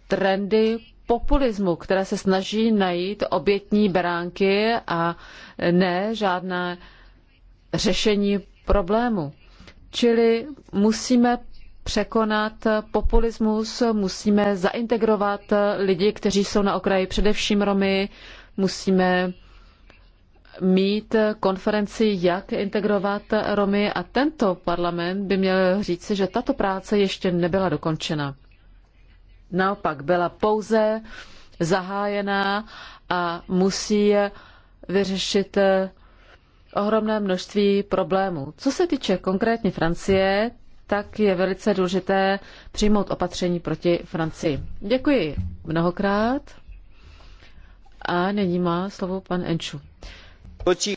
trendy populismu, které se snaží najít obětní beránky a ne žádné řešení problému. Čili musíme překonat populismus, musíme zaintegrovat lidi, kteří jsou na okraji, především Romy, musíme mít konferenci, jak integrovat Romy a tento parlament by měl říci, že tato práce ještě nebyla dokončena. Naopak byla pouze zahájená a musí vyřešit ohromné množství problémů. Co se týče konkrétně Francie, tak je velice důležité přijmout opatření proti Francii. Děkuji mnohokrát. A nyní má slovo pan Enču.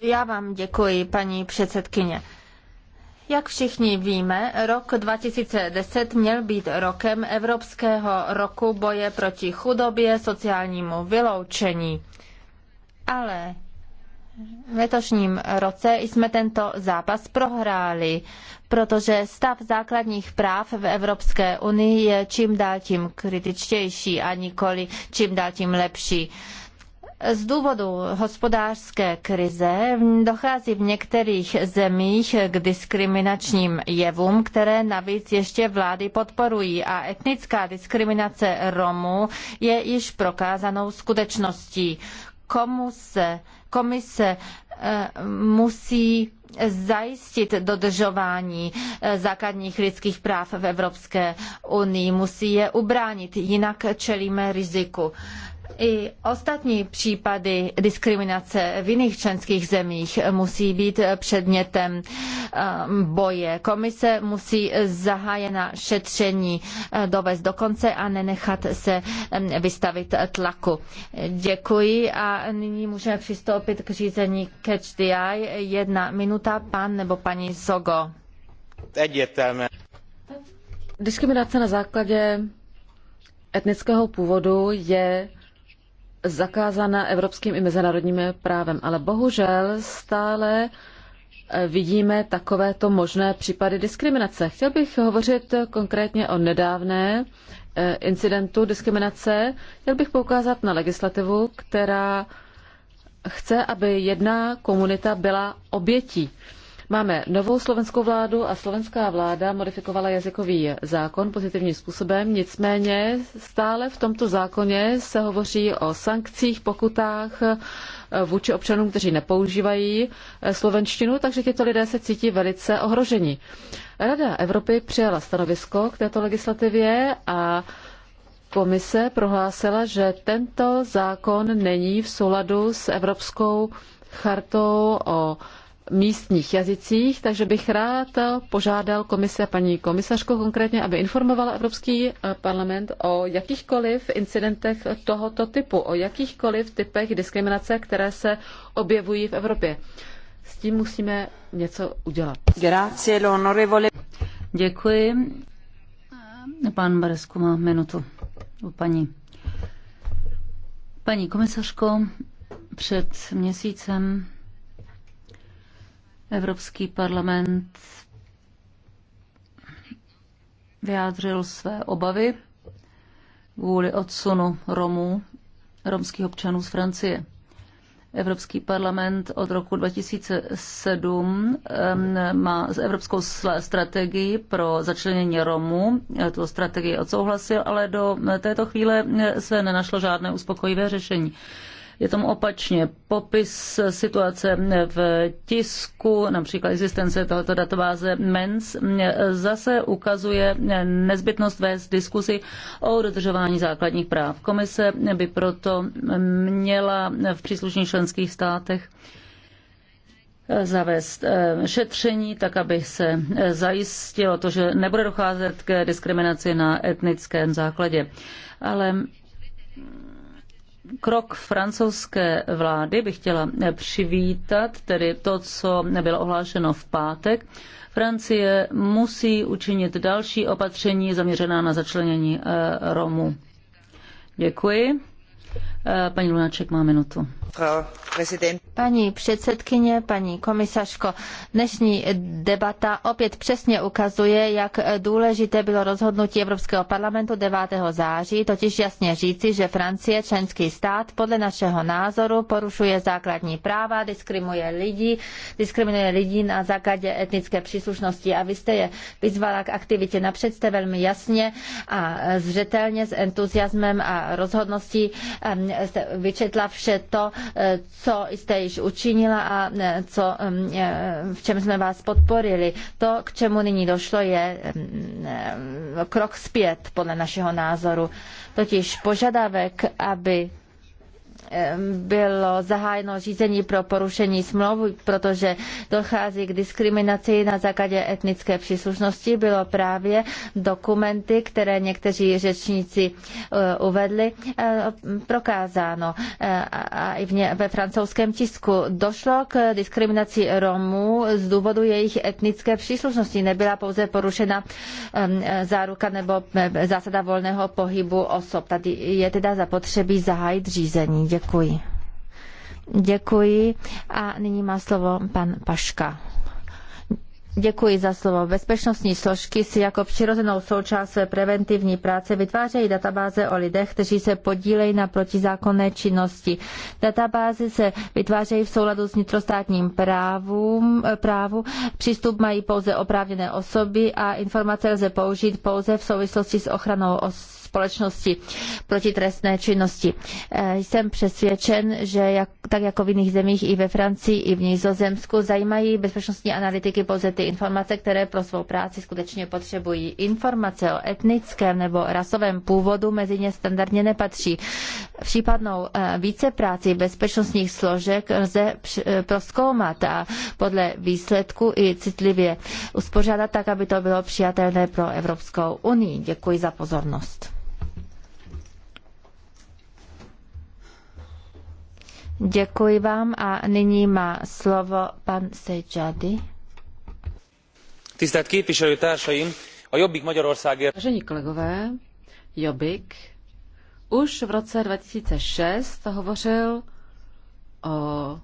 Já vám děkuji, paní předsedkyně. Jak všichni víme, rok 2010 měl být rokem Evropského roku boje proti chudobě, sociálnímu vyloučení. Ale v letošním roce jsme tento zápas prohráli, protože stav základních práv v Evropské unii je čím dál tím kritičtější a nikoli čím dál tím lepší. Z důvodu hospodářské krize dochází v některých zemích k diskriminačním jevům, které navíc ještě vlády podporují a etnická diskriminace Romů je již prokázanou skutečností. Komu se Komise eh, musí zajistit dodržování eh, základních lidských práv v Evropské unii, musí je ubránit, jinak čelíme riziku i ostatní případy diskriminace v jiných členských zemích musí být předmětem um, boje. Komise musí zahájena šetření eh, dovést do konce a nenechat se vystavit tlaku. Děkuji a nyní můžeme přistoupit k řízení Catch the Eye. Jedna minuta, pan nebo paní Sogo. Diskriminace na základě etnického původu je zakázána evropským i mezinárodním právem. Ale bohužel stále eh, vidíme takovéto možné případy diskriminace. Chtěl bych hovořit konkrétně o nedávné eh, incidentu diskriminace. Chtěl bych poukázat na legislativu, která chce, aby jedna komunita byla obětí Máme novou slovenskou vládu a slovenská vláda modifikovala jazykový zákon pozitivním způsobem, nicméně stále v tomto zákoně se hovoří o sankcích, pokutách eh, vůči občanům, kteří nepoužívají eh, slovenštinu, takže tyto lidé se cítí velice ohroženi. Rada Evropy přijala stanovisko k této legislativě a komise prohlásila, že tento zákon není v souladu s Evropskou chartou o místních jazycích, takže bych rád požádal komise paní komisařko konkrétně, aby informovala Evropský eh, parlament o jakýchkoliv incidentech tohoto typu, o jakýchkoliv typech diskriminace, které se objevují v Evropě. S tím musíme něco udělat. Děkuji. Pan Baresku má minutu. Paní. Paní komisařko, před měsícem Evropský parlament vyjádřil své obavy kvůli odsunu Romů, romských občanů z Francie. Evropský parlament od roku 2007 má evropskou strategii pro začlenění Romů. Tu strategii odsouhlasil, ale do této chvíle eh, se nenašlo žádné uspokojivé řešení. Je tomu opačně. Popis situace v tisku, například existence tohoto databáze MENS, zase ukazuje nezbytnost vést diskusy o dodržování základních práv. Komise by proto měla v příslušných členských státech zavést eh, šetření, tak aby se eh, zajistilo to, že nebude docházet k diskriminaci na etnickém základě. Ale krok francouzské vlády bych chtěla přivítat, tedy to, co bylo ohlášeno v pátek. Francie musí učinit další opatření zaměřená na začlenění eh, Romů. Děkuji. Eh, paní Lunáček má minutu. Paní předsedkyně, paní komisařko, dnešní debata opět přesně ukazuje, jak důležité bylo rozhodnutí Evropského parlamentu 9. září, totiž jasně říci, že Francie, členský stát, podle našeho názoru porušuje základní práva, diskriminuje lidi, diskriminuje lidi na základě etnické příslušnosti a vy jste je vyzvala k aktivitě napřed jste velmi jasně a zřetelně s entuziasmem a rozhodností jste vyčetla vše to, eh, co jste již učinila a eh, co, mm, eh, v čem jsme vás podporili. To, k čemu nyní došlo, je mm, krok zpět podle našeho názoru. Totiž požadavek, aby bylo zahájeno řízení pro porušení smlouvy, protože dochází k diskriminaci na základě etnické příslušnosti, bylo právě dokumenty, které někteří řečníci e, uvedli, e, prokázáno. E, a i ve francouzském tisku došlo k diskriminaci Romů z důvodu jejich etnické příslušnosti. Nebyla pouze porušena záruka nebo zásada volného pohybu osob. Tady je teda zapotřebí zahájit řízení. Děkuji. Děkuji. Děkuji a nyní má slovo pan Paška. Děkuji za slovo. Bezpečnostní složky si jako přirozenou součást své preventivní práce vytvářejí databáze o lidech, kteří se podílejí na protizákonné činnosti. Databáze se vytvářejí v souladu s vnitrostátním právům, právu, přístup mají pouze oprávněné osoby a informace lze použít pouze v souvislosti s ochranou osob společnosti proti trestné činnosti. E, jsem přesvědčen, že jak, tak jako v jiných zemích i ve Francii, i v Nizozemsku zajímají bezpečnostní analytiky pouze ty informace, které pro svou práci skutečně potřebují. Informace o etnickém nebo rasovém původu mezi ně standardně nepatří. Případnou e, vícepráci bezpečnostních složek lze e, proskoumat a podle výsledku i citlivě uspořádat tak, aby to bylo přijatelné pro Evropskou unii. Děkuji za pozornost. Děkuji vám a nyní má slovo pan Sejčady. Tisztelt képviselőtársaim, a Jobbik Magyarországért... Vážení kolegové, Jobbik už v roce 2006 hovořil o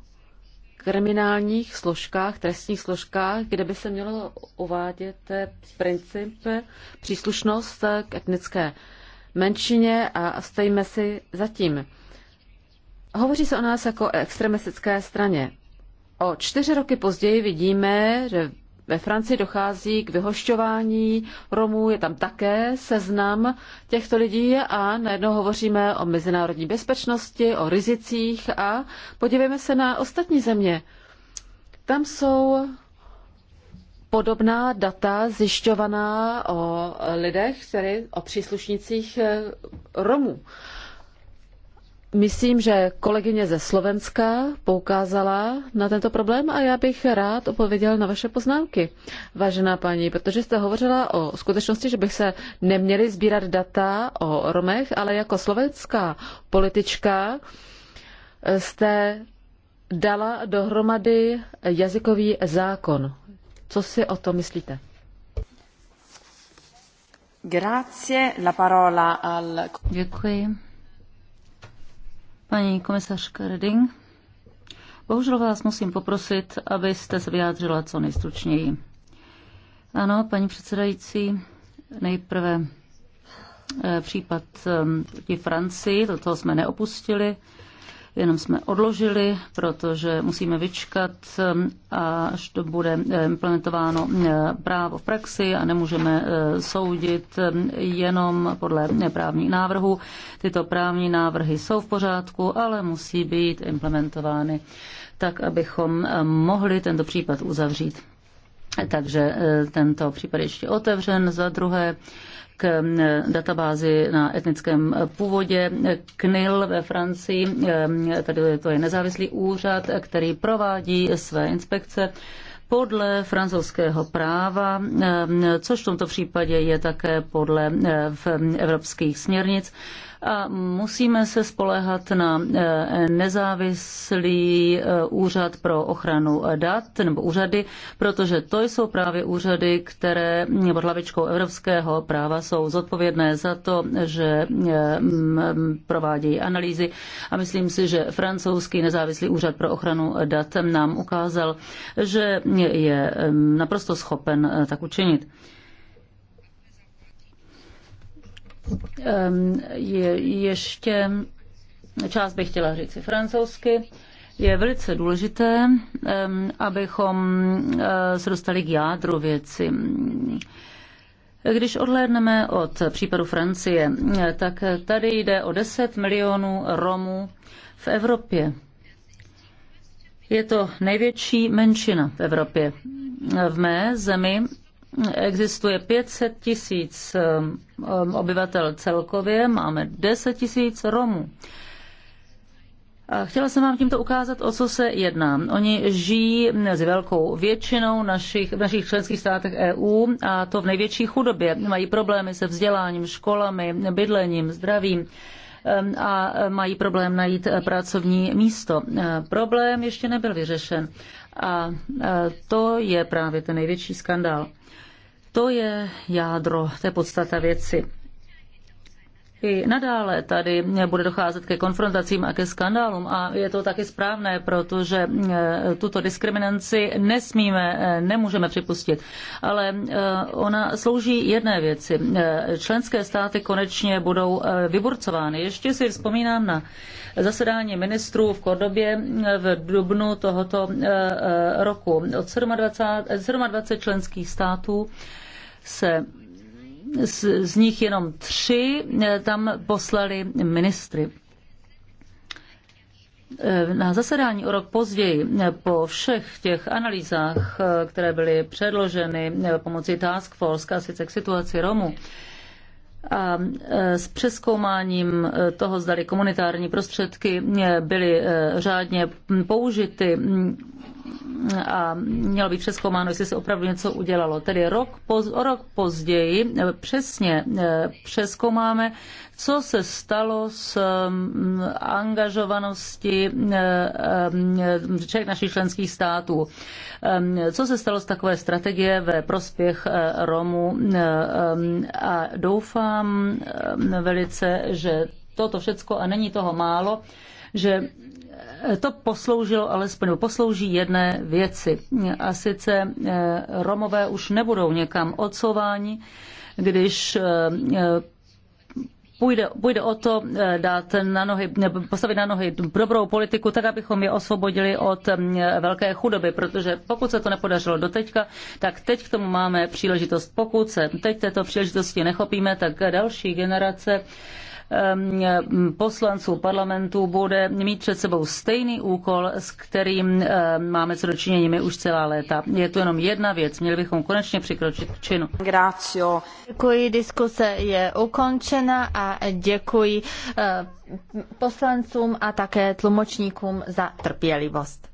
kriminálních složkách, trestních složkách, kde by se mělo uvádět princip příslušnost k etnické menšině a stojíme si zatím. tím. Hovoří se o nás jako extremistické straně. O čtyři roky později vidíme, že ve Francii dochází k vyhošťování Romů, je tam také seznam těchto lidí a najednou hovoříme o mezinárodní bezpečnosti, o rizicích a podívejme se na ostatní země. Tam jsou podobná data zjišťovaná o lidech, tedy o příslušnících eh, Romů. Myslím, že kolegyně ze Slovenska poukázala na tento problém a já bych rád odpověděl na vaše poznámky, vážená paní, protože jste hovořila o skutečnosti, že bych se neměli sbírat data o Romech, ale jako slovenská politička jste dala dohromady jazykový zákon. Co si o to myslíte? Grazie, la parola al... Děkuji. Paní komisařka Reding, bohužel vás musím poprosit, abyste se vyjádřila co nejstručněji. Ano, paní předsedající, nejprve eh, případ eh, proti Francii, toto jsme neopustili jenom jsme odložili, protože musíme vyčkat, um, až to bude um, implementováno uh, právo v praxi a nemůžeme uh, soudit um, jenom podle právních návrhů. Tyto právní návrhy jsou v pořádku, ale musí být implementovány tak, abychom mohli tento případ uzavřít. Takže uh, tento případ ještě otevřen. Za druhé, k databázi na etnickém původě KNIL ve Francii. Tady to je nezávislý úřad, který provádí své inspekce podle francouzského práva, což v tomto případě je také podle evropských směrnic a musíme se spoléhat na eh, nezávislý eh, úřad pro ochranu dat nebo úřady, protože to jsou právě úřady, které mm, pod hlavičkou evropského práva jsou zodpovědné za to, že mm, provádějí analýzy a myslím si, že francouzský nezávislý úřad pro ochranu dat nám ukázal, že je mm, naprosto schopen eh, tak učinit. Ehm, je ještě část bych chtěla říct francouzsky. Je velice důležité, ehm, abychom eh, se dostali k jádru věci. Když odhlédneme od případu Francie, tak tady jde o 10 milionů Romů v Evropě. Je to největší menšina v Evropě. V mé zemi Existuje 500 tisíc um, um, obyvatel celkově, máme 10 tisíc Romů. A chtěla jsem vám tímto ukázat, o co se jedná. Oni žijí s velkou většinou našich, v našich členských státech EU a to v největší chudobě. Mají problémy se vzděláním, školami, bydlením, zdravím um, a mají problém najít pracovní místo. Uh, problém ještě nebyl vyřešen a uh, to je právě ten největší skandál. To je jádro, to je podstata věci. I nadále tady bude docházet ke konfrontacím a ke skandálům a je to taky správné, protože e, tuto diskriminaci nesmíme, e, nemůžeme připustit. Ale e, ona slouží jedné věci. Členské státy konečně budou vyburcovány. Ještě si vzpomínám na zasedání ministrů v Kordobě v dubnu tohoto roku. Od 27, 27 členských států se z, z nich jenom tři eh, tam poslali ministry. Eh, na zasedání o rok později, eh, po všech těch analýzách, které byly předloženy pomocí Task Force, a sice k situaci Romů, a s přeskoumáním toho, zdali komunitární prostředky byly řádně hm, použity, hm, a mělo být přeskoumáno, jestli se opravdu něco udělalo. Tedy rok, poz, rok později eh, přesně eh, přeskoumáme, co se stalo s mm, angažovaností eh, všech našich členských států. Co se stalo s takové strategie ve prospěch Romů a doufám velice, že toto všecko, a není toho málo, že to posloužilo alespoň, nebo poslouží jedné věci. A sice eh, Romové už nebudou někam odsouváni, když eh, půjde, půjde o to eh, dát na nohy, postavit na nohy dobrou politiku, tak abychom je osvobodili od mm, velké chudoby, protože pokud se to nepodařilo doteďka, tak teď k tomu máme příležitost. Pokud se teď této příležitosti nechopíme, tak další generace Ehm, poslanců parlamentu bude mít před sebou stejný úkol, s kterým ehm, máme co dočinění my už celá léta. Je to jenom jedna věc, měli bychom konečně přikročit k činu. Grácio. Děkuji, diskuse je ukončena a děkuji ehm, poslancům a také tlumočníkům za trpělivost.